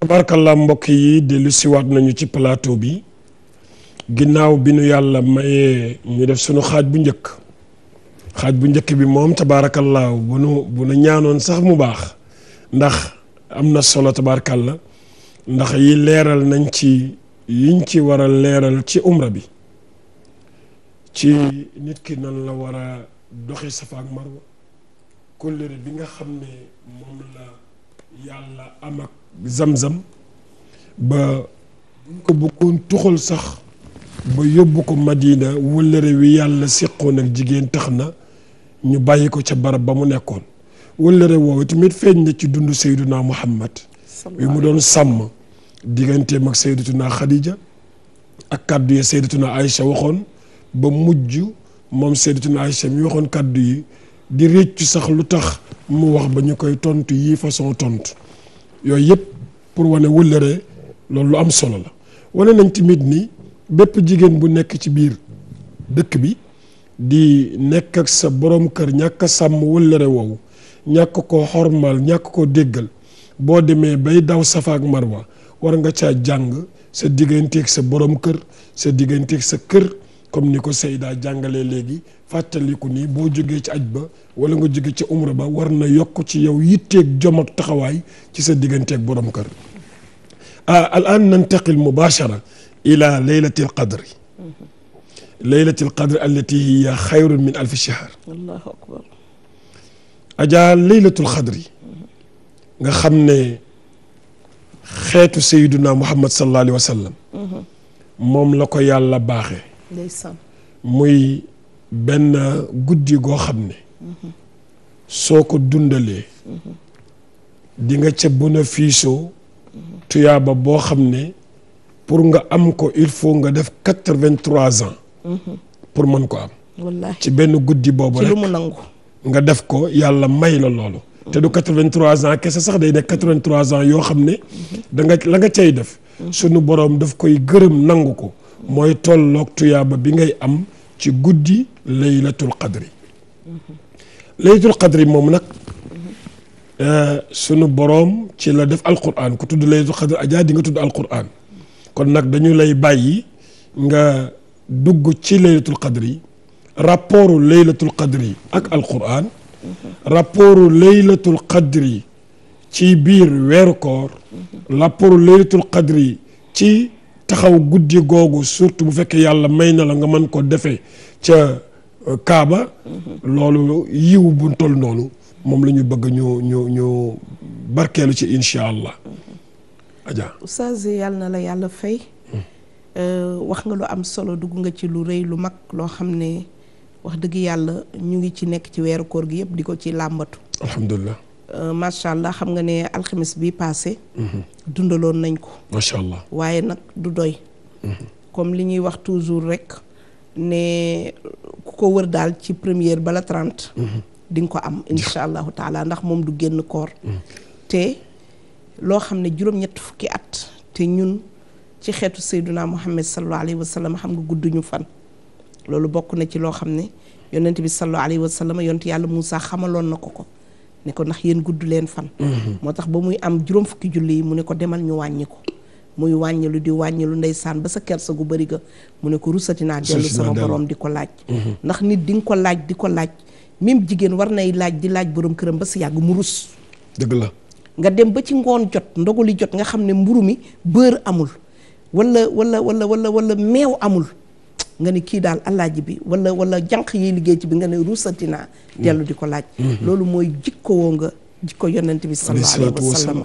tabarkalla mbokk yi dellu siwaat nañu ci plateau bi ginnaaw binu nu yàlla mayee ñu def sunu xaaj bu njëkk xaaj bu njëkk bi moom tabarakallaahu bu nu ñaanoon sax mu baax ndax am na solo la ndax yi leeral nañ ci yiñ ci waral leeral ci umra bi ci nit ki nan la war a doxi safa ak marwa kóllëre bi nga xam ne moom la yàlla am ak zam-zam ba buñ ko bëggoon tuxal sax ba yóbbu ko Madina wëllëre wi yàlla seqoon ak jigéen tax na ñu bàyyi ko ca barab ba mu nekkoon wëllëre woowu tamit feeñ na ci dund Seyduna Muhammad wi mu doon sàmm digganteem ak Seydatuna Xadija ak kàddu ya Seydatuna Aïcha waxoon ba mujj moom Seydina Aïcha mi waxoon kàddu yi di réccu sax lu tax mu wax ba ñu koy tontu yii façon tontu yooyu yëpp pour wane wëllëre loolu lu am solo la wane nañ tamit ni bépp jigéen bu nekk ci biir dëkk bi di nekk ak sa borom kër ñàkk a sàmm wëllëre woowu ñàkk ko xormal ñàkk koo déggal boo demee bay daw safa marwa war nga caa jàng sa digganteeg sa borom kër sa digganteeg sa kër comme ni ko seydaa jàngalee léegi fàttaliku nii boo jógee ci aj ba wala nga jóge ci umra ba war na yokk ci yow yitteeg jom ak taxawaay ci sa digganteeg borom kër ah alaan nantaqil mubashara ila leylati al qadri leylati al qadri allati hiya xayrun min alfi shahr allahu akbar nga xam ne xeetu sayduna muhammad sallallahu alayhi wa sallam moom la ko yàlla baaxee ndeysaan muy benn guddi goo xam ne mhm. soo ko dundalee mhm. di nga ca bénéfice mhm. tuyaaba boo xam ne pour nga am ko il faut nga def quatre-vingt-trois ans pour mën ko am ci benn guddi boobu rek ci lu nga def ko yàlla may la loolu te du quatre-vingt-trois ans kese sax day ne quatre-vingt-trois ans yoo xam ne da nga la nga cay def sunu boroom daf koy gërëm nangu ko mooy tolloog tuyaaba bi ngay am ci guddi laylatul qadri laylatul qadri moom nag euh, sunu boroom ci la def alquran ku tudd laylatul qadri ajaa di nga tudd alquran kon nag dañu lay bàyyi nga dugg ci laylatul qadri rapportu laylatul qadri ak alquran rapportu laylatul qadri ci biir weeru koor rapportu laylatul qadri ci taxaw guddi googu surtout bu fekkee yàlla may na la nga mën ko defee ca euh, Kaaba. Mm-hmm. loolu yiw bu toll noonu. moom la ñu bëgg ñu ñu ñu barkeelu ci incha allah. Mm-hmm. Adja oustaz yàlla na la yàlla fay. Mm. Euh, wax nga lu am solo dugg nga ci lu rëy lu mag loo xam ne wax dëgg yàlla ñu ngi ci nekk ci weeru koor gi yëpp di ko ci làmbatu. alhamdulilah. Euh, macha allah xam nga ne alxamis bi passé dundaloon nañ ko macha allah waaye nag du doy comme li ñuy wax toujours rek ne ku ko wër daal ci première bala trente di nga ko am incha allahu taala ndax moom du génn koor te loo xam ne juróom-ñett fukki at te ñun ci xeetu sayduna muhammad sallallahu alayhi wa sallam xam nga gudduñu fan loolu bokk na ci loo xam ne yonent bi sallallahu alayhi wa sallam yonent yàlla Moussa xamaloon na ko ko ne ko ndax yéen gudd leen fan mhm. moo tax ba muy am juróom fukki julli yi mu ne ko demal ñu wàññi ko muy wàññilu di ndey saan ba sa kersa gu bëri ga mu ne ko rusati naa dellu sama borom di ko laaj mhm. ndax nit di nga ko laaj di ko laaj même jigéen war nay laaj di laaj boroom këram ba si yàgg mu rus dëgg la nga dem ba ci ngoon jot ndoguli jot nga xam ne mburu mi bër amul wala wala wala wala wala meew amul nga ne kii daal alaaji bi wala walla jànq yiy liggéey bi nga ne ruusatinaa dellu di ko laaj mm-hmm. loolu mooy jikkoo woo nga jikko yonent bi sallallahu alayhi wa sallam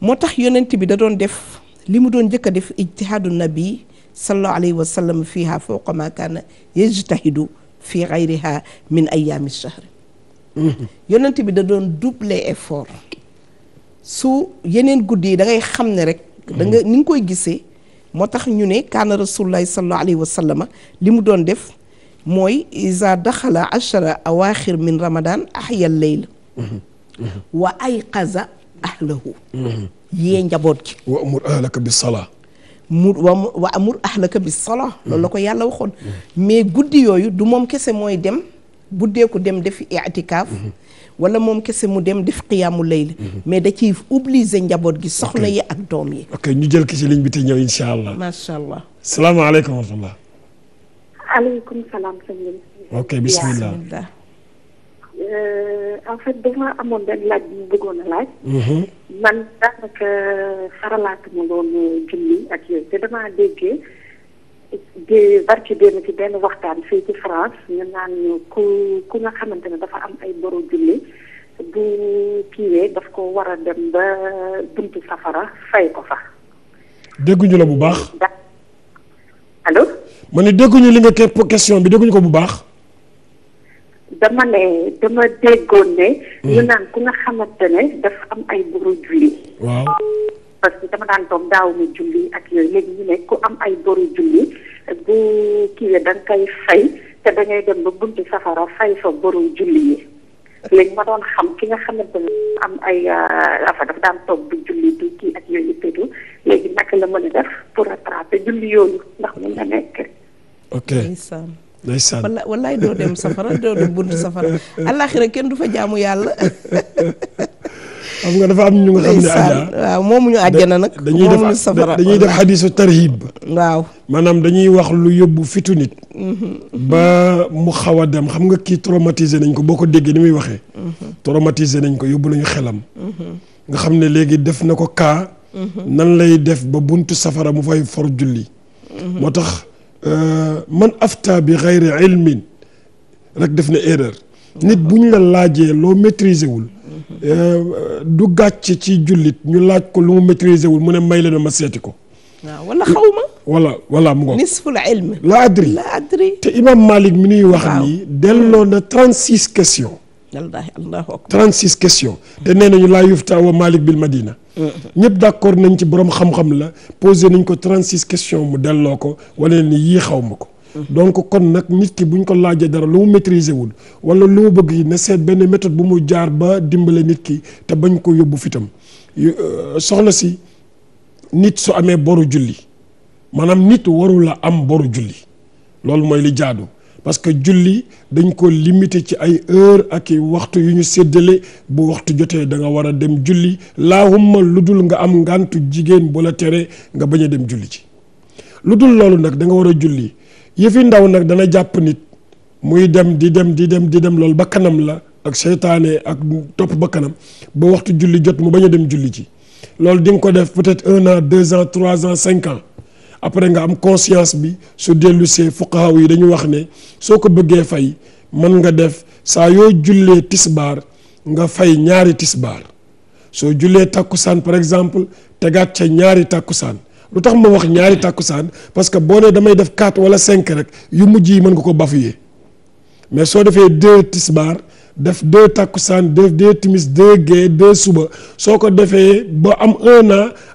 moo tax yonent bi da doon def li mu doon njëkk a def ijtihaadu nabi sallallahu alayhi wa sallam fiiha fawqa ma kaana yajtahidu fi gayriha min ayaami shahr mm-hmm. yonent bi da doon double effort su yeneen guddi yi da xam ne rek da nga mm-hmm. koy gisee moo tax ñu ne kaana rasulullahi sallallahu alayhi wa sallama li mu doon def mooy isa daxala achara awaaxir min ramadan ahya leyl wa ayqaza ahlahu yee njaboot ji wa amur ahlaka bi salaa mu wa amur loolu la ko yàlla waxoon mais guddi yooyu du moom kese mooy dem buddeeku dem defi itikaaf wala moom kese mu dem def xiyaamu layl mhm. mais da ciy obliger njaboot gi soxna yi ak doom yi ok ñu jël ki ci ligne bi te ñëw insha allah macha allah salaamaaleykum wa salaam sëñ bi ok bismillah euh, en fait dama amoon benn laaj mu bëggoon a laaj mhm. man daanaka faralaatuma doon julli ak yooyu te damaa déggee di barki démb ci benn waxtaan fii ci France ñu naan ku ku nga xamante ne dafa am ay boru julli bu kiiwee daf ko war a dem ba buntu safara fay ko fa. dégguñu la bu baax. allo. ma ne dégguñu li nga question bi dégguñu ko bu baax. dama ne dama déggoon ne. Hmm. ñu naan ku nga xamante ne dafa am ay boru julli. parce que dama daan doom daaw ma julli ak yooyu léegi ñu ne ku am ay boru julli bu da nga koy te dangay dem ba bunti safara fay fa boru julli yi léegi xam ki nga xamante ne am ay rafa euh, dafa toog bu kii ak yooyu léegi naka la mën def pour rattraper julli yooyu ndax mën na nekk ok ndeysaan wala walaay doo dem safara doo dem buntu safara alaxira kenn du fa jaamu yàlla xam nga dafa am ñu nga xam ne Adja waaw moomuñu àjjana nag. dañuy def dañuy def xadisu tarhib. waaw maanaam dañuy wax lu yóbbu fitu nit. Mhm. ba mu xaw a dem xam nga kii traumatisé nañ ko boo ko déggee ni muy waxee. Mhm. traumatisé nañ ko yóbbu nañu xelam. Mhm. nga xam ne léegi def na ko kaa. nan lay def ba buntu safara mu fay for julli. moo tax euh, man afta bi xayri ilmin rek def na erreur. nit bu ñu la laajee loo maîtriser wul. du gàcc ci jullit ñu laaj ko lu mu maîtriser wul mu ne may leen ma seeti ko. waaw wala xaw ma. wala wala mu ngoog. nisful ilm. la adri la adri. te imam Malik mi nuy wax nii. delloo na 36 questions. wallaahi allahu akbar 36 questions. te nee ñu laa yufta wa Malik bil Madina. ñëpp d' nañ ci borom xam-xam la posé nañ ko 36 question mu delloo ko wala ni yii xaw ma ko. donc kon nag nit ki buñ ko laajee dara lu mu maîtriser wul wala lu mu bëgg yi na seet benn méthode bu mu jaar ba dimbale nit ki te bañ ko yóbbu fitam euh, soxna si nit su amee boru julli maanaam nit warula am boru julli loolu mooy li jaadu parce que julli dañ ko limité ci ay heure ak i waxtu yu ñu séddale bu waxtu jotee da nga war a dem julli laahumma lu dul nga am ngantu jigéen bu la tere nga bañ a dem julli ci lu dul loolu nag danga nga war a julli yëfi ndaw nag dana jàpp nit muy dem di dem di dem di dem lool ba kanam la ak seytaane ak topp ba kanam ba waxtu julli jot mu bañ a dem julli ji loolu di ko def peut-être un an deux ans trois ans cinq ans après nga am conscience bi su dellusee see fuqaha yi dañu wax ne soo ko bëggee fay mën nga def saa yoo jullee tisbaar nga fay ñaari tisbaar soo jullee tàkkusaan par exemple tegaat ca ñaari tàkkusaan lu tax ma wax ñaari tàkkusaan parce que boo nee damay def quatre wala cinq rek yu mujj yi mën nga ko bafuyee mais soo defee deux tisbaar def deux tàkkusaan def deux timis deux gée deux suba soo ko defee ba am un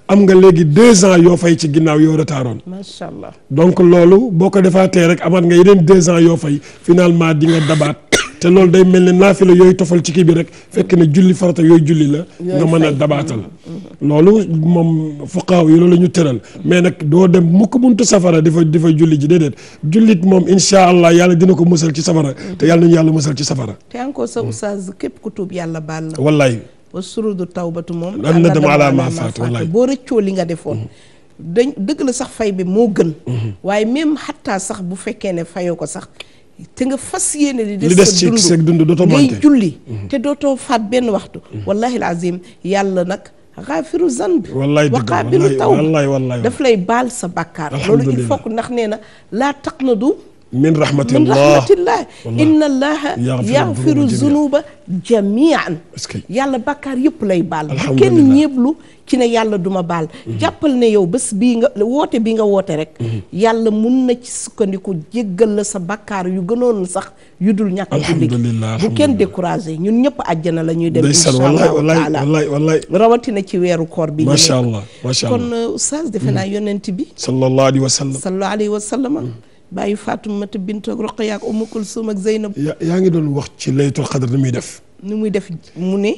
am nga léegi deux ans yoo fay ci ginnaaw yoo retaaroon macha allah donc loolu boo ko defaatee rek amaat nga yeneen deux ans yoo fay finalement di nga dabaat te loolu day mel ne la yooyu tofal ci kii bi rek fekk ne julli farata yooyu julli la nga mën a dabaatal mm-hmm. Mm-hmm. loolu moom fuqaaw yi loolu ñu tëral mais nag doo dem mukk buntu safara di fa julli ji déedéet jullit moom incha allah yàlla dina ko musal ci safara te yàlla nañu yàlla musal ci safara te encore sa oustaz képp ku tuub yàlla baal la wallaay wa surudu tu moom am na dama ala ma faat wallaay boo rëccoo li nga defoon mm-hmm. dañ dëgg la sax fay bi moo gën waaye même xattaa sax bu fekkee ne fayoo ko sax te nga fas yéene li des sa dund ngay julli mm-hmm. te dootoo faat benn waxtu mm-hmm. wallahi alazim yàlla nag xaafiru zanbi wa qaabilu tawb daf lay baal sa bàkkaar loolu il faut que ndax nee na laa taqnadu min rahmatillah inna allaha yaghfiru zunuba jamian yàlla bàkkaar yëpp lay baal bu kenn ñeeblu ci ne yàlla duma baal mhm. jàppal ne yow bés bii nga woote bi nga woote rek mhm. yàlla mun na ci sukkandiku jéggal la sa bakkaar yu gënoon sax yu dul ñàkk julli bu kenn découragé ñun ñëpp àjjana la ñuy dem insha allahu taala rawatina ci weeru koor bi macha allah macha allah kon uh, oustaz defe naa mhm. yonent bi sallallahu alayhi wa sallam sallallahu alayhi wa sallam bàyyi Faatumata Bint ak Ruqayya ak Umu Kulsum ak yaa ngi doon wax ci laytul xadar ni muy def. ni muy def mu ne.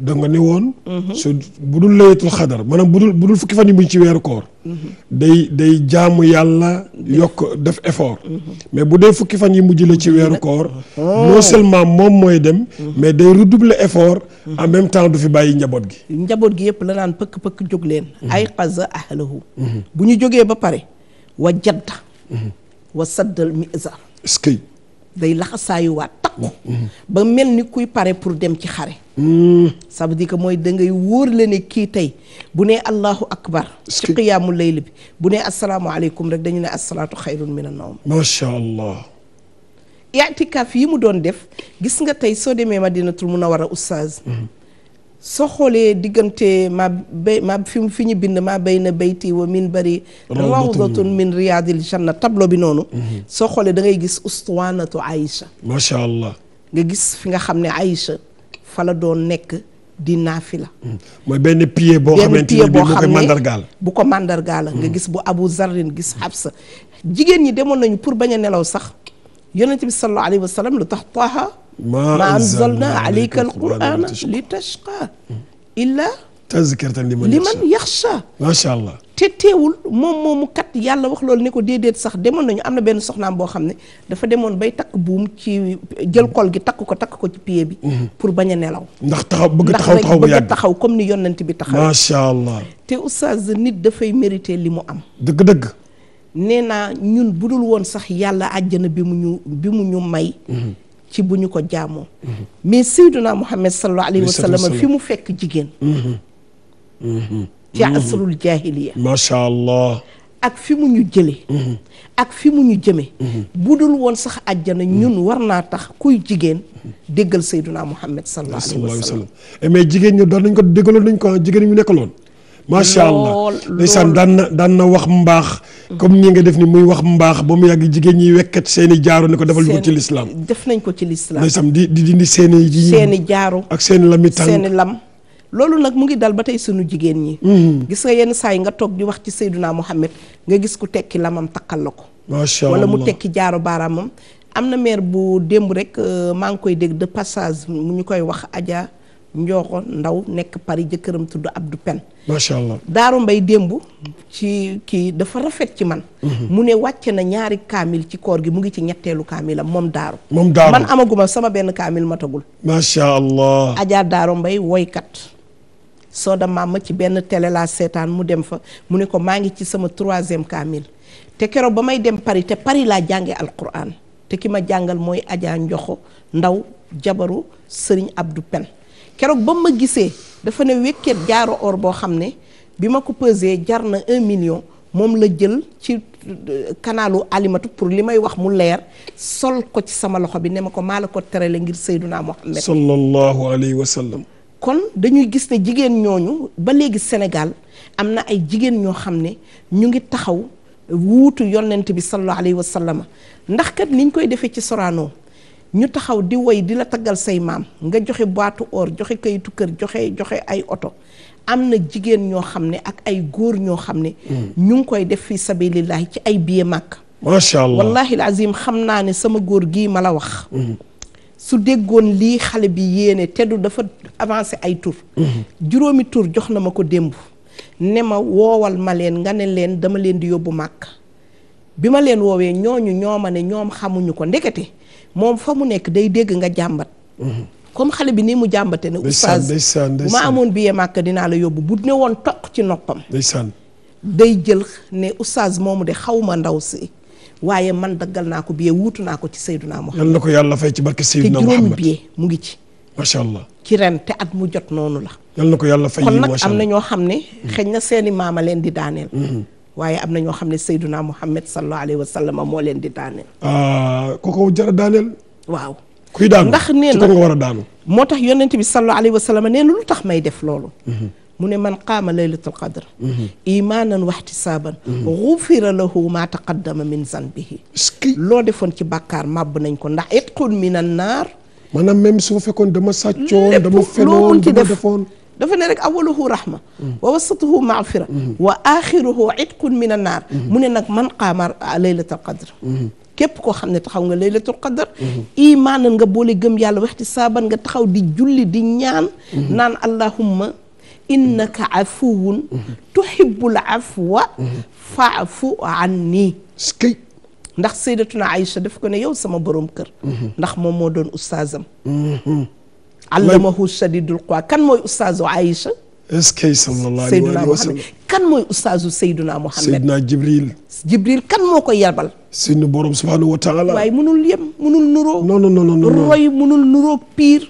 da nga ne woon. Mhm. su bu bu dul bu dul fukki fan yi ci weeru koor. Mhm. day day jaamu yàlla yokk def effort. Mhm. mais bu dee fukki fan yi mujj la ci weeru koor. Ah. moom mooy dem. mais day redoubler en même temps du fi bàyyi njaboot gi. njaboot gi yëpp la naan pëkk pëkk jóg leen. ay xaza ahlahu bu ñu jógee ba pare wa jadda wa saddal mizar est-ce que day laxasaayuwaat takku ba mel ni kuy pare pour dem ci xare hmm. ça veut dire mooy dangay ngay wóor la ne kii tey bu nee allahu akbar ci qiyaamu layl bi bu nee asalaamaaleykum rek dañu ne asalaatu xayrun min annawm macha allah i'tikaaf yi mu doon def gis nga tey soo demee madinatul munawara oustaz hmm. soo xoolee diggante ma bay ma fi fi ñu bind ma bay na bayti wa min bari rawdatun min riyadil janna tableau bi noonu mhm. soo xoolee dangay ngay gis ustuwanatu Aïcha macha allah nga gis fi nga xam ne Aïcha fa la doon nekk di naafila mhm. mooy benn pied boo xam ni bi mu bu ko mandargaal nga mhm. gis bu Abu Zarrin gis Habsa jigéen ñi demoon nañu pour bañ a nelaw sax yonent bi sallallahu alayhi wa lu tax taaha maa anzalnaa alayka alqur'aana li tashqaa illaa tazkiratan liman yaxshaa macha allah te teewul moom moomu kat yàlla wax loolu ne ko déedéet sax demoon nañu am na benn soxnaam boo xam ne dafa demoon bay takk buum ci jël kol gi takk ko takk ko ci pied bi mhm. pour bañ a nelaw ndax taxaw bëgg taxaw taxaw bu taxaw comme ni yonent bi taxaw macha allah te oustaz nit dafay mérité li mu am dëgg-dëgg nee naa ñun budul woon sax yàlla àjjana bi mu bi mu ñu may mhm. ci bu ñu ko jaamoo mais sayduna muhammad sallallahu alayhi wa sallam fi mu fekk jigéen mm-hmm. Mm-hmm. ci asrul jahiliya macha allah ak fi mu ñu jëlee mm-hmm. ak fi mu ñu jëmee bu dul woon sax àjjana ñun war naa tax kuy jigéen déggal sayduna muhammad sallallahu alayhi wa sallam eh, mais jigéen ñi doon nañ ko déggaloon nañ ko jigéen ñu nekkaloon macha allah ndeysaan daan na daan na wax mbaax comme ni nga def ni muy wax mbaax ba mu yàgg jigéen ñi wekkat seen jaaro ne ko defal ñu ko ci lislaam def nañ ko ci lislaam ndeysaan di di dindi seen i jaaro ak seen i lami tànk seen i lam loolu nag mu ngi dal ba tey suñu jigéen ñi mm-hmm. gis nga yenn saa yi nga toog di wax ci Seydunaa Muhammad nga gis ku tekki lamam takkal la ko macha allah wala mu tekki jaaro baaraamam am na maire bu démb rek euh, maa ngi koy dégg de passage mu ñu koy wax Adja njooxo ndaw nekk Paris jëkkëram tudd Abdou Pen macha allah Mbay démb ci kii dafa rafet ci man mhm. mu ne wàcce na ñaari kaamil ci koor gi mu ngi ci ñetteelu kaamila moom Daaru moom Daaru man amaguma sama benn kaamil matagul macha allah Adja Daaru Mbay woykat soo da maam ci benn télé laa seetaan mu dem fa mu ne ko maa ngi ci sama troisième kaamil te kero ba may dem Paris te Paris laa jànge alquran te ki ma jàngal mooy Adja Njoxo Ndaw jabaru Sëriñ Abdou Pen keroog ba ma gisee dafa ne wékket jaaro or boo xam ne bi ma ko pesé jar na un million moom la jël ci kanaalu euh, alimatu pour li may wax mu leer sol ko ci sama loxo bi ne ma ko maa la ko terale ngir Seydunaa Muhammad sallallahu alayhi wa sallam kon dañuy gis ne jigéen ñooñu ba léegi Sénégal am na ay jigéen ñoo xam ne ñu ngi taxaw wuutu yonent bi sallallahu alayhi wa sallam ndax kat liñ koy defee ci soraanoo ñu taxaw di woy di la taggal say maam nga joxe boîte or joxe kayitu kër joxe joxe ay oto am na jigéen ñoo xam ne ak ay góor ñoo xam ne. Hmm. ñu ngi koy def fii sabilillahi ci ay biye màkk. macha allah wallahi azim xam naa ne sama góor gii ma la wax. Hmm. su déggoon lii xale bi yéene teddu dafa avancé ay tur. Hmm. juróomi tur jox na ma ko démb. ne ma woowal ma leen nga ne leen dama leen di yóbbu màkk bi ma leen woowee ñooñu ñoo ma ne ñoom xamuñu ko ndekete. moom fa mu nekk day dégg nga jàmbat mhm. comme xale bi nii mu jàmbate ne oustaz bu ma amoon billet màkk dinaa la yóbbu bu ne woon toq ci noppam day jël ne oustaz moomu de xaw ndaw si waaye man daggal naa ko billet wuutu naa ko ci Seydina Muhammad yal na ko yàlla fay ci barke Seydina Muhammad te mu ngi ci macha allah ci ren te at mu jot noonu la yal na ko yàlla fay kon nag am na ñoo xam ne mhm. xëy na seeni maam a leen di daaneel mhm. waaye am na ñoo xam ne Seyduna Muhammad sallallahu alayhi wa sallam moo leen di daaneel. Ah, kooku jar a daaneel. waaw kuy daanu ndax nee war a daanu. moo tax yonent bi sallallahu alayhi wa sallam nee na lu tax may def loolu. Mhm. mu ne man qaama laylatul qadr mhm. imaanan waxtisaaban xufira mhm. lahu maa taqaddama min zanbihi loo defoon ci bàkkaar màbb nañ ko ndax itqun min an naar maanaam même su ma fekkoon dama sàccoon dama fenoon dama defoon dafa ne rek awaluhu rahma wa wasatuhu maghfira wa axiruhu itqun min an naar mu ne nag man qaama laylatal qadr képp koo xam ne taxaw nga laylatul qadar imaanan nga boole gëm yàlla waxti saaban nga taxaw di julli di ñaan naan allahumma innaka afuwun tuhibbul afwa faafu anni ndax sayyidatuna Aïcha ko ne yow sama borom kër ndax moom moo doon ustaazam mhm. allamahu shadidul quwa kan mooy ustaazu Aïcha. est-ce que sallallahu alayhi wa sallam kan mooy ustaazu Seydina Mohamed. Seydina Jibril. Jibril kan moo koy yabal. suñu borom subhanahu wa taala. waaye munul yem munul nuroo. non non non non roy munul nuroo pire.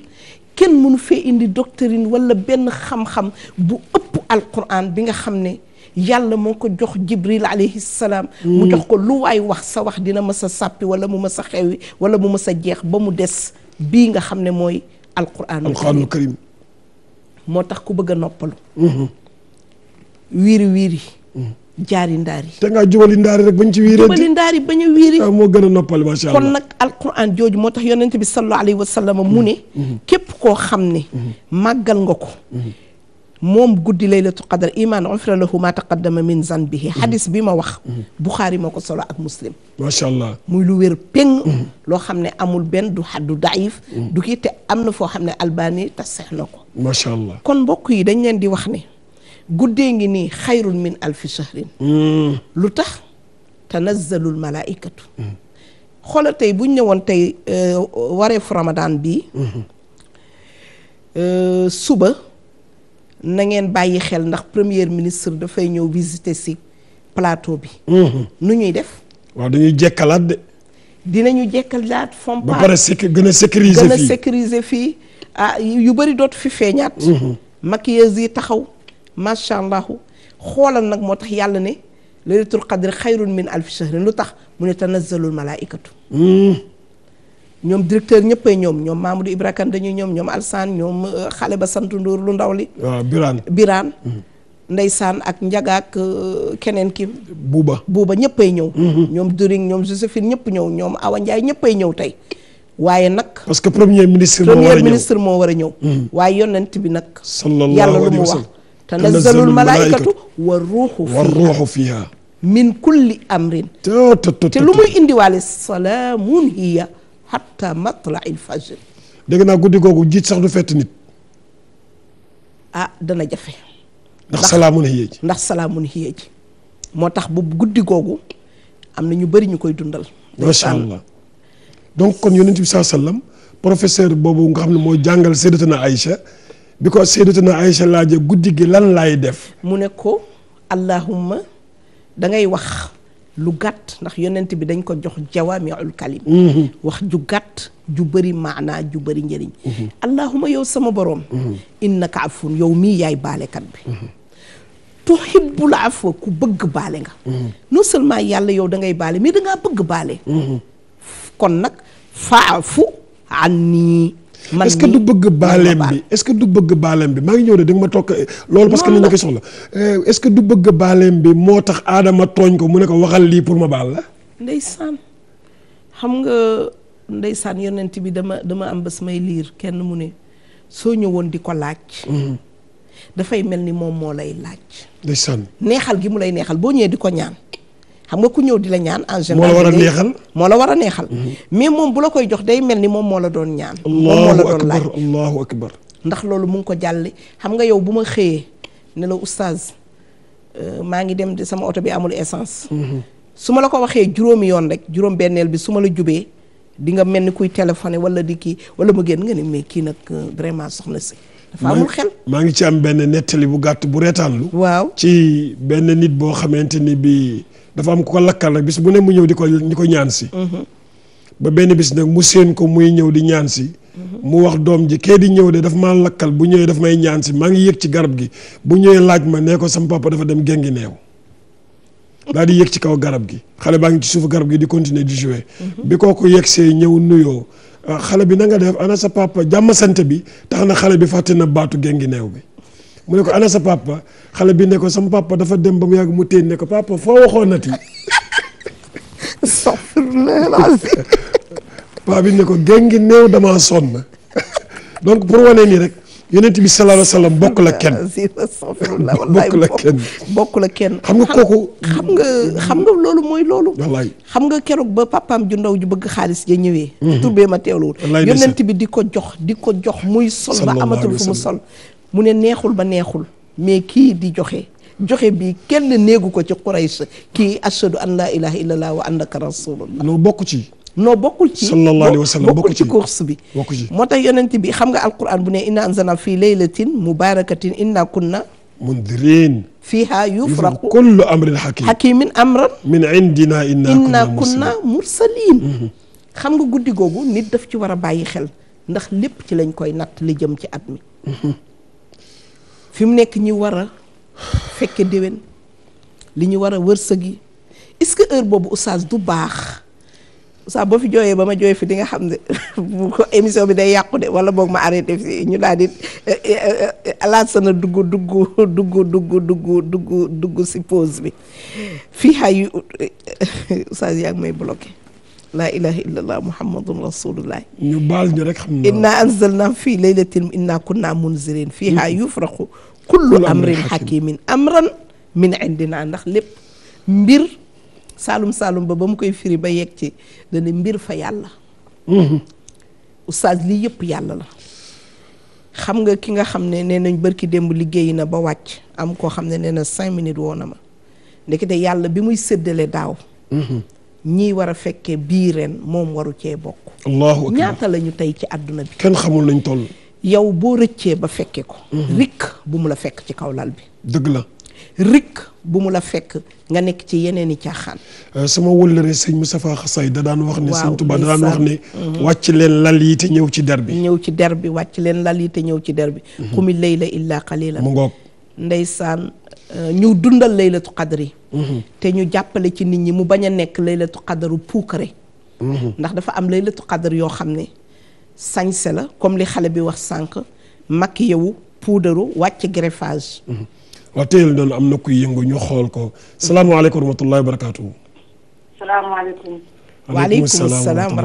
kenn mënu fee indi doctrine wala benn xam-xam bu ëpp Alquran bi nga xam ne. yàlla moo ko jox jibril alayhi salaam. mu mm. jox ko lu waay wax sa wax dina mës a sàppi wala mu mës a xewi wala mu mës a jeex ba mu des bii nga xam ne mooy. alquranul alquranul karim moo tax ku bëgg a noppalu. Mm-hmm. wiiri wiiri. Mm-hmm. jaari ndaari. te ngaa jubali ndaari rek bañ ci wiiree. jubali ndaari ba a wiiri. moo gën a noppal macha allah kon nag alquran jooju moo tax yonent bi sallallahu alayhi wa sallam mu ne. Mm-hmm. képp koo xam ne. màggal nga ko. moom guddi laylatu qadar iman ufira lahu ma taqaddama min zanbihi hadis mhm. bi ma wax mhm. buxaari moo ko solo ak muslim muy lu wér péng mhm. loo xam ne amul benn du xaddu daif du kii te am na foo xam ne albani taseex na ko macha kon mbokk yi dañ leen di wax ne guddee ngi nii xayrun min alfi shahrin mm. lu tax tanazzalul malaikatu mm. xoola tey buñ ñëwoon tey euh, wareefu ramadan bii mm-hmm. euh, suba na ngeen bàyyi xel ndax premier ministre dafay ñëw visiter si plateau bi. Mhm. nu ñuy def. waaw dañuy jekkalaat de. dinañu jekkalaat Fompa. ba pare sécu gën a sécuriser fii sécuriser fii ah yu bëri dootu fi feeñaat. Mhm. maquilleuse yi taxaw macha allah xoolal nag moo tax yàlla ne laylatul qadr xayrun min alfi shahrin lu tax mu ne tanazzalul malaikatu mhm. ñoom directeur ñëppay ñoom ñoom Mamadou Ibra Kane dañuy ñoom ñoom Alsaan ñoom euh, xale ba sant Ndour lu ndaw li. waaw Birane Birane. Mhm. ak Njaga euh, keneen ki. Buuba Buuba ñëppay ñëw. Mhm. ñoom During ñoom Josephine ñëpp ñëw ñoom Awa Ndiaye ñëppay ñëw tey. waaye nag parce que premier ministre moo war a ñëw premier ministre moo mhm. waaye yonent bi nag. sallallahu alayhi wa sallam yàlla lu mu wax. tanazzalul malaikatu wa ruuxu ruuxu fiha. min kulli amrin. te lu muy indiwaale salaamun hiya hatta matla il fajr dégg naa guddi googu jiit sax du fett nit ah dana jafe ndax salaamun hiya ji ndax salaamun hiya ji moo tax bu guddi googu am na ñu bëri ñu koy dundal macha allah donc kon yonent bi saa sallam professeur boobu nga xam ne mooy jàngal Sayyidatuna Aïcha bi ko Sayyidatuna Aïcha laaje guddi gi lan laay def mu ne ko allahumma da ngay wax lu gàtt ndax yonent bi dañ ko jox jawaamiul kalim mhm. wax ju gàtt ju bari maanaa ju bëri njëriñ mhm. allahuma yow sama boroom mhm. innaka afun yow mii yaay baalekat bi tuhibbul afwa ku bëgg baale nga non seulement yàlla yow dangay ngay baale mais da ngaa bëgg baale kon nag faafu an nii man est-ce que du bëgg baaleem bi est-ce que du bëgg baaleem bi maa ngi ñëw de da ma toog eh, loolu parce que li ñu koy soxla eh, est-ce que du bëgg baaleem bi moo tax aadama tooñ ko mu ne ko waxal lii pour ma baal la ndeysaan xam nga saan yonent bi dama dama am ba samay liir kenn mu ne soo ñëwoon di ko laaj mm-hmm. dafay mel ni moom moo lay laaj ndeysaan neexal gi mu lay neexal boo ñëwee di ko ñaan xam nga ku ñëw di la ñaan en général moo la war a neexal moo la war a neexal mhm. mais moom bu la koy jox day mel ni moom moo la doon ñaan moom moo la doon laaj allahu akbar ndax loolu mu ngi ko jàlli xam nga yow bu ma xëyee ne la oustaz euh, maa ngi dem di sama oto bi amul essence mhm. su ma la ko waxee juróomi yoon rek juróom benneel bi su ma la jubee di nga mel ni kuy téléphoné wala di kii wala mu génn nga ne mais kii nag euh, vraiment soxna si dafa amul xel maa ngi ci am benn nettali bu gàtt bu reetaanlu waaw ci benn nit boo xamante ni bi dafa am ko ko lakkal nag bis bu ne mu ñëw di ko ñu ko ñaan si. Mhm. ba benn bis nag mu séen ko muy ñëw di ñaan si. Mhm. mu wax doom ji kee di ñëw de daf maa lakkal bu ñëwee daf may ñaan si maa ngi yëg ci garab gi bu ñëwee laaj ma nee ko sam papa dafa dem gengi neew daal di yëg ci kaw garab gi xale baa ngi ci suufu garab gi di continuer di jouer. Mhm. bi kooku yegg see ñëw nuyoo ah, xale bi na nga def ana sa papa jàmm sant bi tax na xale bi fàtte na baatu gengi neew bi. mu ne ko ana sa papa xale bi ne ko sama papa dafa dem ba mu yàgg mu téye ne ko papa foo waxoon nati. paa bi ne ko géngi néew damaa sonn donc pour wane nii rek yonent bi sallallahu alayhi wa sallam bokk la kenn bokk la kenn bokk la xam nga kooku xam nga xam nga loolu mooy loolu wallaay xam nga keroog ba papaam ju ndaw ju bëgg xaalis ja ñëwee mhm. turbee ma teewluwul yonent bi di ko jox di ko jox muy sol ba amatul fu mu sol mu ne neexul ba neexul mais kii di joxe joxe bi kenn néegu ko ci Quraysh kii ashadu an laa ilaha illallah wa annaka rasulullah noo bokk ci noo bokkul ci sallallahu alayhi wa bokkul ci course bi bokku ci moo tax yonent bi xam nga alquran bu ne inna anzalna fii laylatin mubarakatin inna kunna mundirin fiha yufraqu kullu amrin hakim hakimin amran min indina inna kunna mursalin mm-hmm. xam nga guddi googu nit daf ci war a bàyyi xel ndax lépp ci lañ koy natt li jëm ci at mi mm-hmm. fi mu nekk ñi war a fekke déwén li ñu war a wërsëg yi est-ce que heure boobu oustaz du baax oustaz boo fi jooyee ba ma jooy fi di nga xam ne bu ko émission bi day yàqu de wala boog ma arrêté fi ñu daal di alaat eh, eh, eh, sana dugg dugg dugg dugg dugg dugg dugg si pause bi fii xay oustaz yaa may bloqué laa ilaha illallah muhammadun rasulullah ñu baal ñu rek xam na inna anzalna fii laylatin inna kunna munzirin fiiha mm. yufraqu kullu amrin hakimin amran min indina ndax lépp mbir saalum saalum ba ba mu koy firi ba yegg ci dana mbir fa yàlla mhm. oustaz lii yëpp yàlla la xam nga ki nga xam ne nee nañ ki démb liggéey na ba wàcc am koo xam ne nee na cinq minutes woo na ma ndekete yàlla bi muy séddale daaw mhm. ñii war a fekkee bii ren moom waru cee bokk allahu akbar ñaata la tey ci àdduna bi kenn xamul lañ toll yow boo rëccee ba fekkee ko mhm. rikk bu mu la fekk ci kaw lal bi dëgg la rikk bu mu la fekk nga nekk ci yeneen i caaxaan euh, sama wëllëre sëñ Moustapha Xassay da daan wax ne sëñ Touba da daan wax ne mhm. wàcc leen lal yi te ñëw ci der bi ñëw ci der bi wàcc leen lal yi te ñëw ci der bi xumi mhm. layla illa qalila mu ngoog saan euh, ñu dundal laylatu qadri te ñu jàppale ci nit ñi mu bañ a nekk laylatu qadru puukare ndax dafa am laylatu qadr yoo xam ne sañse la comme li xale bi wax sànq maquillé yow puudaru wàcc greffage. Mhm. waaw téyel doon am na kuy yëngu ñu xool ko. salaamaaleykum wa rahmatullahi wa salaam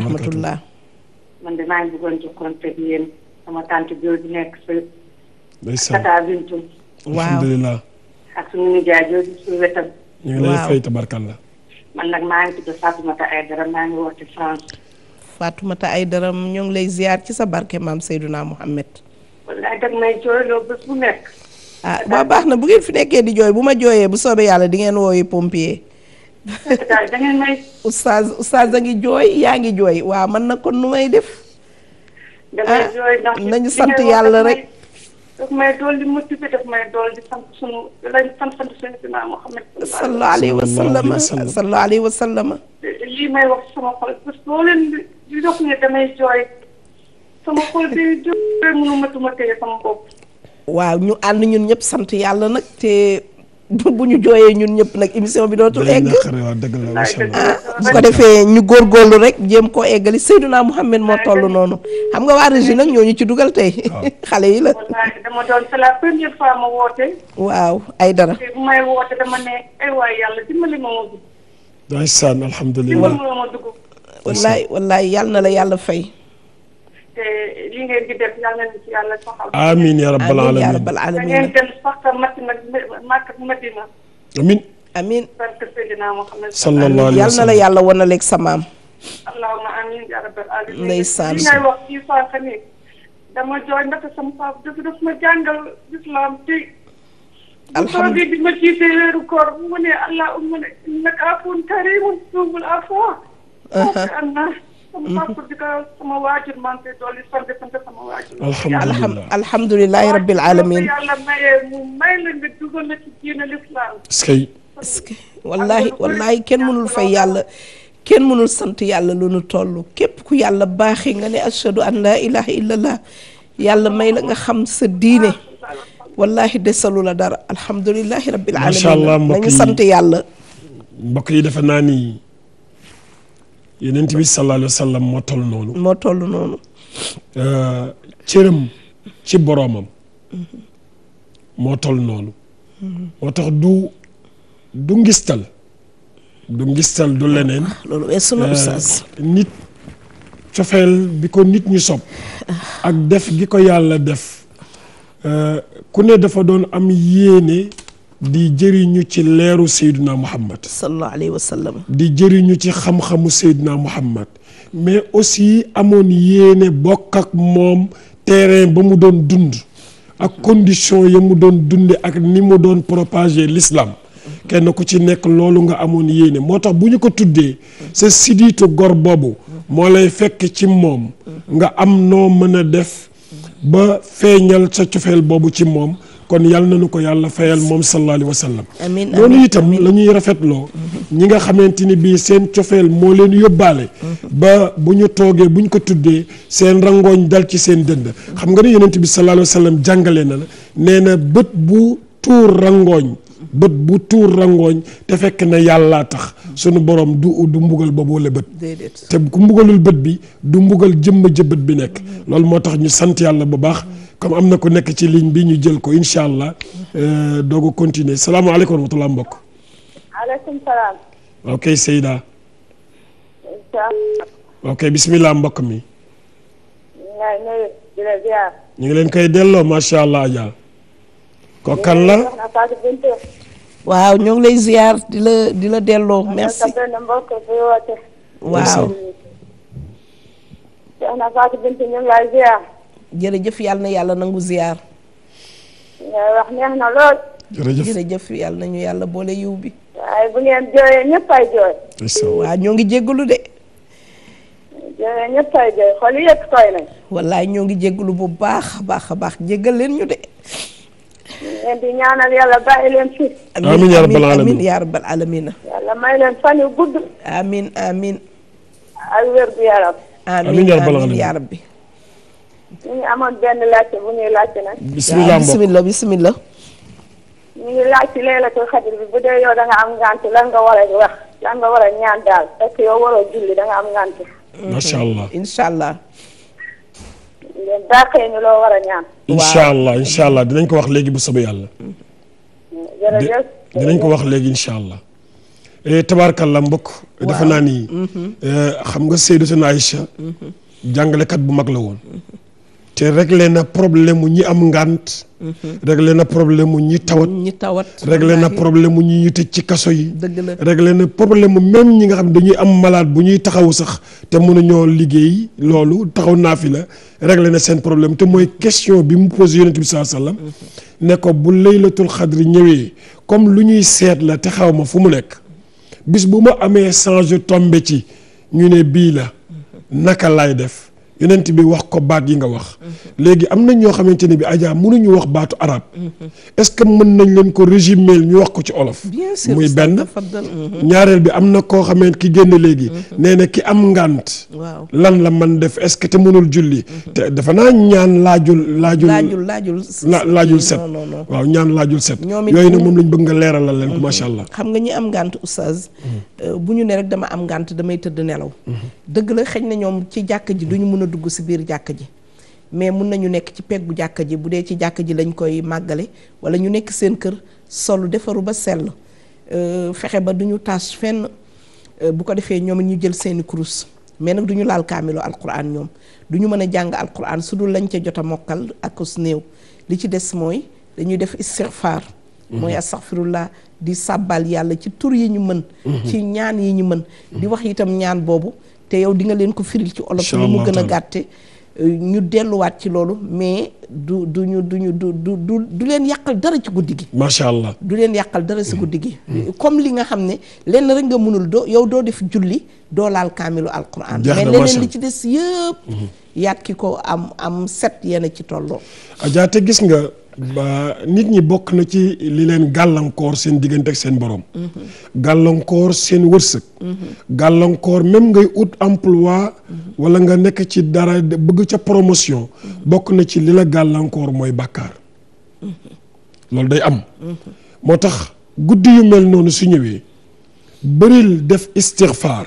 sa. ndeysaan Tata Bintu. waaw alhamdulilah. ak suñu nijaay jooju si wetam. ñu ngi lay fay tabarkalla. man nag maa ngi tudd Fatoumata Aïdara maa ngi woote France. ay dara ñoo ñoom lay ziar ci sa barke maam Seydouna Mohamed. wallaay dag may jooyloo bés bu ah, baax na bu ngeen fi nekkee di jooy bu ma jooyee bu soobee yàlla di ngeen wooyu pompier. da ngeen a ngi jooy yaa ngi jooy waa man na kon nu may def. Ah, nañu sant yàlla rek. daf may dool di motivé daf may dool di dox ne sama xol day waaw ñu ànd ñun ñëpp sant yàlla nag te bu ñu jooyee ñun ñëpp nag émission bi dootul egg. bu ko defee ñu góorgóorlu rek jéem koo eggali Seydouna Mouhamed moo toll noonu xam nga waa régie nag ñoo ñu ci dugal tey. xale yi la. dama doon waaw ay dara. wallaay wallaay yàlla na la yàlla fay. te li ngeen di def yàlla na ci yàlla soxal. amiin yaa rabbal aalamiin amiin yaa rabbal aalamiin da ngeen dem sax Makka Madina. amiin. amiin barke Seydina Muhammad sallallahu alayhi wa sallam yàlla na la yàlla wanaleeg sa maam. allahumma amiin yaa rabbal aalamiin. ndeysaan li ngay wax ci sànq ni dama jooy ndax sama papa dafa daf ma jàngal islam te. alhamdulilah bu soobee bi ma jiitee weeru koor mu ne allahumma innaka afuwwun kariimun tuubul afwa Mhm. sama waajur maa ngi koy dolli sant sant la kenn mënul fay yàlla kenn mënul sant yàlla lu nu toll képp ku yàlla baaxi nga ne ashadu an laa ilaha illallah yàlla may la nga xam diine wallaahi desalu la dara alhamdulilah rabbil alamin. macha allah mbokk yi nañu sant yàlla. yonent bi sallallahu alayhi wa moo toll noonu. moo toll euh, cëram ci boroomam. moo toll noonu. moo tax du du ngistal. du ngistal du leneen. Ah, loolu euh, nit cofeel bi ko nit ñi sob ak def gi ko yàlla def. Euh, ku ne dafa doon am yéene. di jëriñu ci leeru Seydina Muhammad. sallallahu alayhi di jëriñu ci xam-xamu Seydina Muhammad mais aussi amoon yéene bokk moom terrain ba mu doon dund ak condition ya doon dunde ak ni mu doon propager l'islam kenn ku ci nekk loolu nga amoon yéene moo bu ñu ko tuddee sa sidiitu gor boobu moo lay fekk ci moom nga am noo mën a def ba feeñal sa cofeel boobu ci moom kon yàlla na nañu ko yàlla fayal moom sallallahu alayhi wa sallam noonu itam la ñuy rafetloo ñi nga xamante ni bii seen cofeel moo leen yóbbaale ba bu ñu toogee bu ñu ko tuddee seen rangooñ dal ci seen dënd xam nga ne yonent bi sallallahu alayhi wa sallam jàngale na la nee na bët bu tuur rangooñ bët bu tuur rangooñ te fekk na yàllaa tax suñu borom du du mbugal ba boole bët te ku mbugalul bët bi du mbugal jëmm ja bët bi nekk mm-hmm. loolu moo tax ñu sant yàlla bu baax mm-hmm. comme am na ko nekk ci ligne bi ñu jël ko incha allah mm-hmm. euh, doog a continuer salaamaaleykum wa rahmatulah mbokk. aleykum salaam. ok Seyda. ok mbokk mi. ñu ngi leen koy delloo macha allah Adja. ko waaw ñoo ngi lay ziar di la di la delloo merci waaw jëf yàlla na yàlla nangu ziar wax neex na lool yàlla nañu yàlla boole yiw bi waaye bu ngeen jooyee ñëpp jooy waaw ñoo ngi jéggalu de jooyee ñëpp jooy xol yëpp tooy nañ wallaay ñoo ngi jéggalu bu baax baax a baax jéggal leen ñu de leen di ñaanal yàlla bàyyi leen fi. amiin yaa rabbal aalamiin amiin yaa rabbal aalamiin. yàlla may leen fan yu gudd. amiin amiin. ak wér gu yaram. amiin amiin yaa rabbi. ñu ngi amoon benn laajte bu ñuy laajte nag. bisimilah mbokk bisimilah bisimilah. ñu ngi bi bu dee yow da am ngant lan nga war war a ñaan daal parce que yow julli da am ngant. macha allah incha allah. ngeen loo war ñaan. incha allah incha allah dinañ ko wax léegi bu soobee yàlla. jërëjëf dinañ ko wax léegi incha allah. Eh, tabaarkalla mbokk. waaw defe naa ni. Mm-hmm. Eh, xam nga Seydou Sën Aïcha. Mm-hmm. jàngalekat bu mag la woon. Mm-hmm. te réglé na problème mu ñi am ngant. Mhm. réglé na problème mu ñi tawat. ñi tawat réglé na problème mu ñi ñu tëj ci kaso yi. dëgg la na problème mu même ñi nga xam dañuy am malaat bu ñuy taxaw sax te mënuñoo liggéey loolu taxaw naa fi la réglé na seen problème te mooy question bi mu posé yonent bi sallallahu alayhi mhm. ne ko bu laylatul xadri ñëwee comme lu ñuy seet la te xaw ma fu mu nekk bis bu ma amee change tombe ci ñu ne bii la mhm. naka laay def. yonent bi wax ko baat yi nga wax. léegi am na ñoo xamante ne bi Adja mënuñu wax baatu arab. est-ce que nañ leen ko résumer ñu wax ko ci olof. muy benn mhm. ñaareel bi am na koo xamante ki génn léegi. Mhm. nee na ki am ngant. lan la man def est-ce que te mënul julli. Mhm. te dafa naa ñaan laajul. laajul laajul laajul set waaw ñaan laajul set. yooyu nag moom lañ bëgg nga leeralal leen ko macha allah. xam nga ñi am ngant oustaz. Euh, bu ñu ne rek dama am ngant damay tëdd nelaw. dëgg la xëy na ñoom ci jàkk ji duñu mën a dugg si biir jàkk ji mais mun nañu nekk ci peggu jàkk ji bu dee ci jàkk ji lañ koy màggale wala ñu nekk seen kër solu defaru ba sell euh, fexe ba du ñu taas fenn euh, bu ko defee ñoom ñu jël seeni kurus mais nag du ñu laal kaamilo alquran ñoom du ñu mën a jàng alquran su dul lañ ca jot a mokkal ak us néew li ci des mooy dañuy def istigfaar mhm. mooy astaghfirullah di sàbbal yàlla ci tur yi ñu mën mhm. ci ñaan yi ñu mën di wax itam ñaan boobu te yow di nga leen ko firil ci olof ni mu gën a gàtte euh, ñu delluwaat ci loolu mais du du ñu du ñu du du du du leen yàqal dara ci guddi gi. macha allah du leen yàqal dara ci mm-hmm. gi. Mm-hmm. comme li nga xam ne lenn rek nga munul doo yow doo def julli doo laal kaamilu alquran. mais leneen li ci des yëpp. Mm-hmm. yaat ki ko am am set yéen a ci tolloo. Adja gis nga. nit ñi bokk na ci li leen gàllankoor seen diggante ak seen borom. gàllankoor seen wërsëg. gàllankoor même ngay ut emploi. wala nga nekk ci dara bëgg ca promotion. bokk na ci li la gàllankoor mooy bàkkaar. loolu day am. moo tax guddi yu mel noonu su ñëwee bëril def istigfaar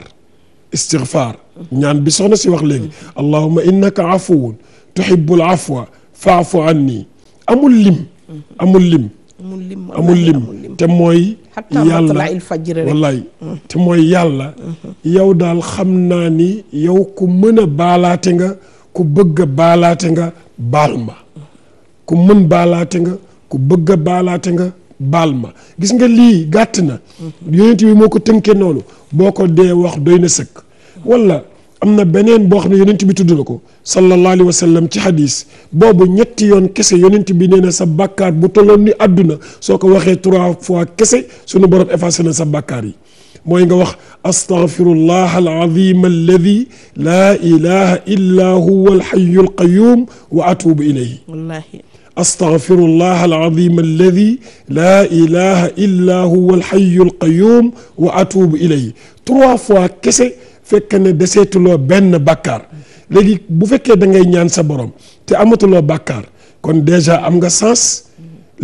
istigfaar ñaan bi soxna si wax léegi. allahumma innaka afuwun tuhibbul afwa faafu anni amul lim. Mhm. amul lim. amul lim te mooy. yàlla wallaay mhm. te mooy yàlla. Mhm. yow daal xam naa ni yow ku mën a baalaate nga ku bëgg baalaate nga baal ma ku mën baalaate nga ku bëgg a baalaate nga baal ma gis nga lii gàtt na. yonent bi moo ko tënkee noonu boo ko dee wax doy na sëkk walla. am na beneen boo xam ne yonent bi tudd na ko sallallahu alayhi wa sallam ci xadis boobu ñetti yoon kese yonent bi nee na sa bàkkaar bu tolloon ni àdduna soo ko waxee trois fois kese sunu borom effacé na sa bàkkaar yi mooy nga wax astaghfirullah alazim alladi laa ilaha illa huwa alxayu alqayum wa atubu ilayhi wallahi astaghfirullah alazim alladi laa ilaha illa huwa alxayu alqayum wa atubu ilayhi trois fois kese fekk ne deseetuloo benn bàkkaar léegi bu fekkee da ngay ñaan sa borom te amatuloo bàkkaar kon déjà am nga sens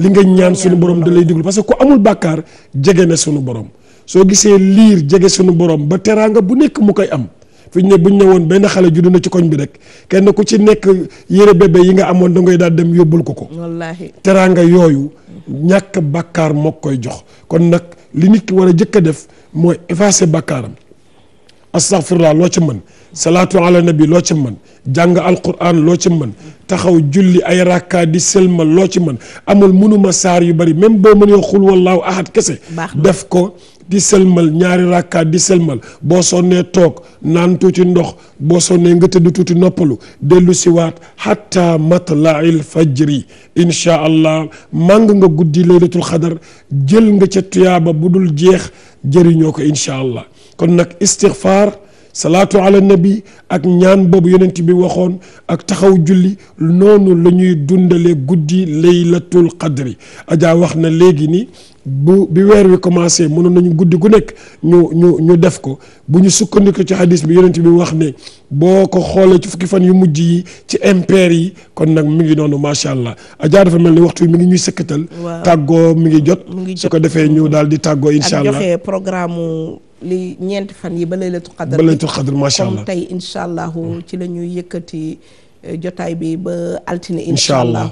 li nga ñaan sunu borom da lay déglu parce que ku amul bàkkaar jege na sunu borom soo gisee liir jege sunu borom ba teraanga bu nekk mu koy am fi ne bu ñu ñëwoon benn xale juddu na ci koñ bi rek kenn ku ci nekk yére bébé yi nga amoon da ngay daal dem yóbbul ko ko. wallaahi teraanga yooyu. ñàkk bàkkaar moo koy jox kon nag li nit ki war a jëkk a def mooy effacer bàkkaaram. astaghfirullah loo ci mën salaatu ala nabi loo ca mën jàng alquran loo ci mën taxaw julli ay rakka di sëlmal loo ci man amul mënuma saar yu bari même boo mënee xul wallaahu ahad kese def ko di sëlmal ñaari rakkaat di sëlmal boo sonnee toog naan tuuti ndox boo sonnee nga tëdd tuuti noppalu dellu siwaat hatta matla'il fajri incha allah màng nga guddi laylatul xadar jël nga ca tuyaaba bu dul jeex jëriñoo ko incha allah kon nag istixfaar salaatu ala nabi ak ñaan boobu yonent bi waxoon ak taxaw julli noonu la ñuy dundale guddi laylatul qadri ajaa wax na léegi ni bu bi weer wi commencé mënoon nañu guddi gu nekk ñu ñu ñu def ko bu ñu sukkandiku ci hadis bi yonent bi wax ne boo ko xoolee ci fukki fan yu mujj yi ci impair yi kon nag mu ngi noonu macha allah Adja dafa mel ni waxtu mi ngi ñuy sëkkatal. tàggoo mi ngi jot. su ko defee ñu daal di tàggoo incha allah ak joxe li ñeenti fan yi ba laylatul qadr ba laylatul qadr macha allah tey incha allahu hmm. ci lañuy yëkkati eh, jotaay bi ba altine incha allah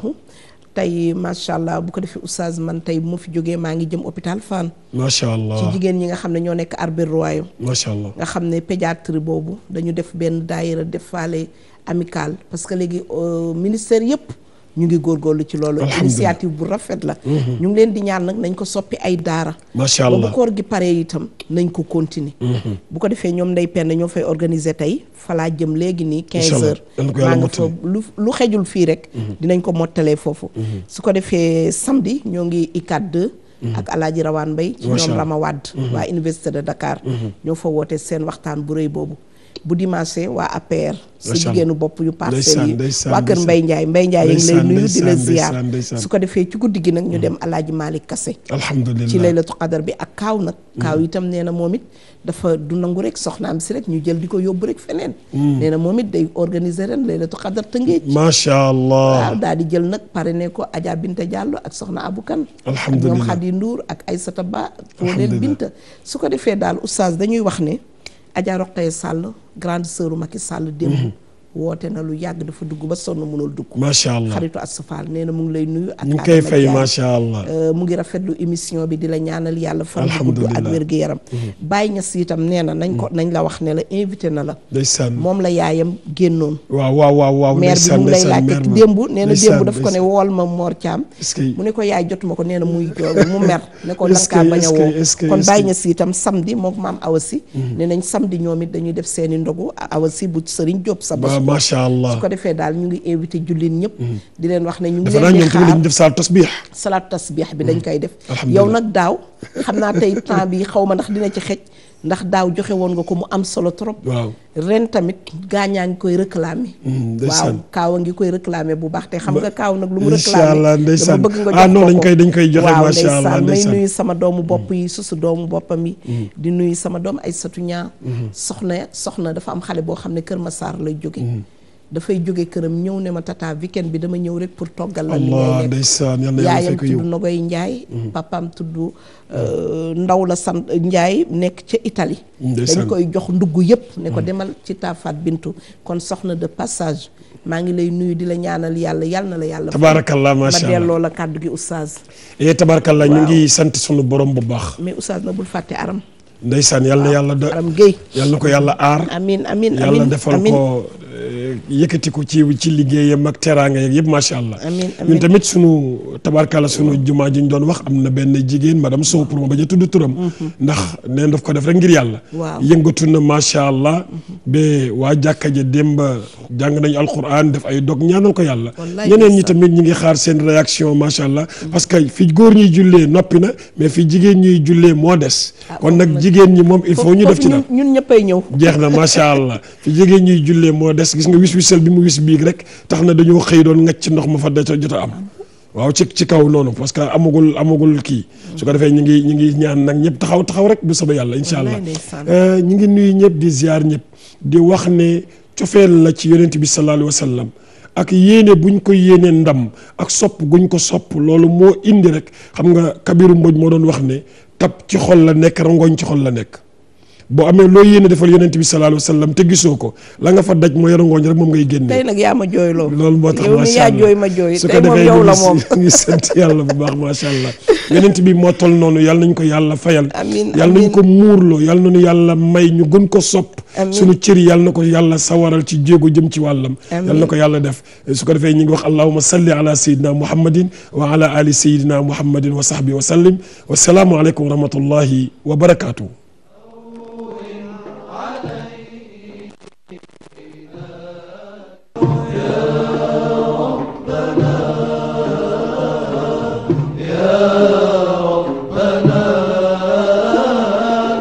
tey macha allah bu ko defee oustaz man tey bu ma fi jógee maa ngi jëm hôpital fan macha allah ci jigéen ñi nga xam ne ñoo nekk arbir royo macha allah nga xam ne pédiatrie boobu dañu def benn daayira def faale amical parce que léegi euh, ministère yëpp ñu ngi góor góorlu ci loolu initiative bu rafet la mm-hmm. ñu ngi leen di ñaan nag nañ ko soppi ay daara macha allah bu koor gi paree itam nañ ko continuer mm-hmm. bu ko defee ñoom nday na ñoo fay organiser tey falaa jëm léegi nii quinze heures maa nga fa lu lu xejul fii rek mm-hmm. dinañ ko mottalee foofu su ko defee samdi ñoo ngi ICAD 2 ak alaaji rawaan mbay ci ñoom rama wàdd waa université de Dakar ñoo fa woote seen waxtaan bu rëy boobu bu dimanche waa APR sa jigéenu bopp yu parcelles yi waa kër Mbay Njaay Mbay Njaay yi ngi lay nuyu di la ziar su ko defee ci guddi gi nag ñu mm. dem Alaaji Malick Kase alhamdulilah ci laylatu qadar bi ak kaaw nag mm. kaaw itam nee na moom it dafa du nangu rek soxnaam si rek ñu jël di ko yóbbu rek feneen mm. nee na moom it day organiser ren laylatu qadar tëngéej macha allah waaw daal di jël nag pare ne ko Adja Binta Diallo ak soxna Abu Kan alhamdulilah ñoom Khady Ndour ak ay Ba Fodel Binta su ko defee daal oustaz dañuy wax ne Adja Roqee Sàll grande sœur Macky Sall démb woote na lu yàgg dafa dugg ba sonn mënul dugg. macha allah xaritu Asfaal nee na mu ngi lay nuyu. ak ñu ngi koy fay macha euh, mu ngi rafetlu émission bi di la ñaanal yàlla. fan bu gudd ak wér gu yaram. bàyyi Niass siitam nee na nañ ko mm-hmm. nañ la wax ne la invité na la. ndeysaan moom la yaayam génnoon. waaw waaw waaw waaw ndeysaan ndeysaan maire bi démb nee na démb daf ko ne wool ma Mor Thiam. mu ne ko yaay jot ko nee na muy mu mer. ne ko lan kaa bañ a woo kon Baye Niass itam samedi moom maam Awasi. Mm-hmm. nee nañ samedi ñoom it dañuy def seen i ndogu Awasi bu Serigne Diop sa macha allah su ko defee daal ñu ngi invité jullit ñëpp mm-hmm. di leen wax ne ñu ngi leen di xaar dañu def salaatu tasbih salaatu tasbih bi mm-hmm. dañ koy def yow nag daaw xam naa tey temps bi xaw ma ndax dina ci xej ndax daaw joxe woon nga ko mu am solo trop. ren tamit gaañaa ngi koy réclamer. Mm, waaw kaaw a ngi koy réclamer bu baax te xam nga kaaw nag. lu mu réclamer incha allah bëgg nga ah, jox ko ah non dañ koy dañ koy joxe macha allah may nuyu sama doomu bopp mm. yi susu doomu boppam yi. Mm. di nuyu sama doom ay satu ñaar. soxna soxna dafa am xale boo xam ne Kër Massar lay jóge dafay jóge këram ñëw ne ma tata weekend bi dama ñëw rek pour toggal la li ngay lekk yaayam tudd Nogoy Njaay mm-hmm. papam tudd euh, ndaw la sant Njaay nekk ca Italie dañ koy jox ndugg yëpp ne ko mm-hmm. demal ci taafaat bintu kon soxna de passage maa ngi lay nuyu di la ñaanal yàlla yàlla na la yàlla tabaarakallah macha ma delloo la kàddu gi oustaz eh tabaarakallah ñu ngi sant sunu borom bu baax mais oustaz na bul fàtte aram ndeysaan yàlla na yàlla de aram géy yàlla ko yàlla aar amin amin Eh, yëkkatiku ci ci liggéeyam ak teraanga yeeg yëpp macha allah. amiin amiin ñun tamit sunu tabarkala sunu jumaa ji ñu doon wax am na benn jigéen madame Sow pour ma bañ a tudd turam. Mm-hmm. ndax neen daf ko def rek ngir yàlla. waaw yëngatu na macha allah. Mm-hmm. ba waa jàkka ja démb jàng nañu alquran def ay dog ñaanal ko yàlla. ñeneen ñi tamit ñi ngi xaar seen réaction macha allah. Mm-hmm. parce que fi góor ñuy jullee noppi na mais fi jigéen ñuy jullee moo des. Ah, kon nag jigéen ñi moom il faut ñu def ci dara. ñun ñëppay ñëw. jeex na macha allah fi jigéen ñuy jullee moo des des gis nga wis wisal bi mu wis biig rek tax na dañoo xëy doon ngacc ndox ma fa da jot a am waaw ci ci kaw noonu parce que amagul amagul kii su ko defee ñu ngi ñu ngi ñaan nag ñëpp taxaw taxaw rek bu soobee yàlla incha allah euh, ñu ngi nuyu ñëpp di ziar ñëpp di wax ne cofeel la ci yonent bi sallallahu alayhi wa sallam ak yéene bu buñ ko yéene ndam ak sopp guñ ko sopp loolu moo indi rek xam nga kabiru mboj moo doon wax ne tab ci xol la nekk rangoñ ci xol la nekk boo amee loo yéene defal yonent bi sallallahu alayhi wa sallam te gisoo ko la nga fa daj mooy rangooñ rek moom ngay génne. tey nag yaa ma jooy loo loolu moo tax macha allah yow ma jooy su ko defee ñu ngi sant yàlla bu baax macha allah yonent bi moo tol noonu yàlla nañ ko yàlla fayal yàlla nañ ko muurloo yàlla nañu yàlla may ñu gën ko sopp suñu cër yàlla na ko yàlla sawaral ci jéego jëm ci wàllam yàlla na ko yàlla def su ko defee ñu ngi wax allahuma salli ala sayidina muhammadin wa ala ali sayidina muhammadin wa sahbi wa sallim wasalaamu aleykum wa rahmatullahi wa barakatuh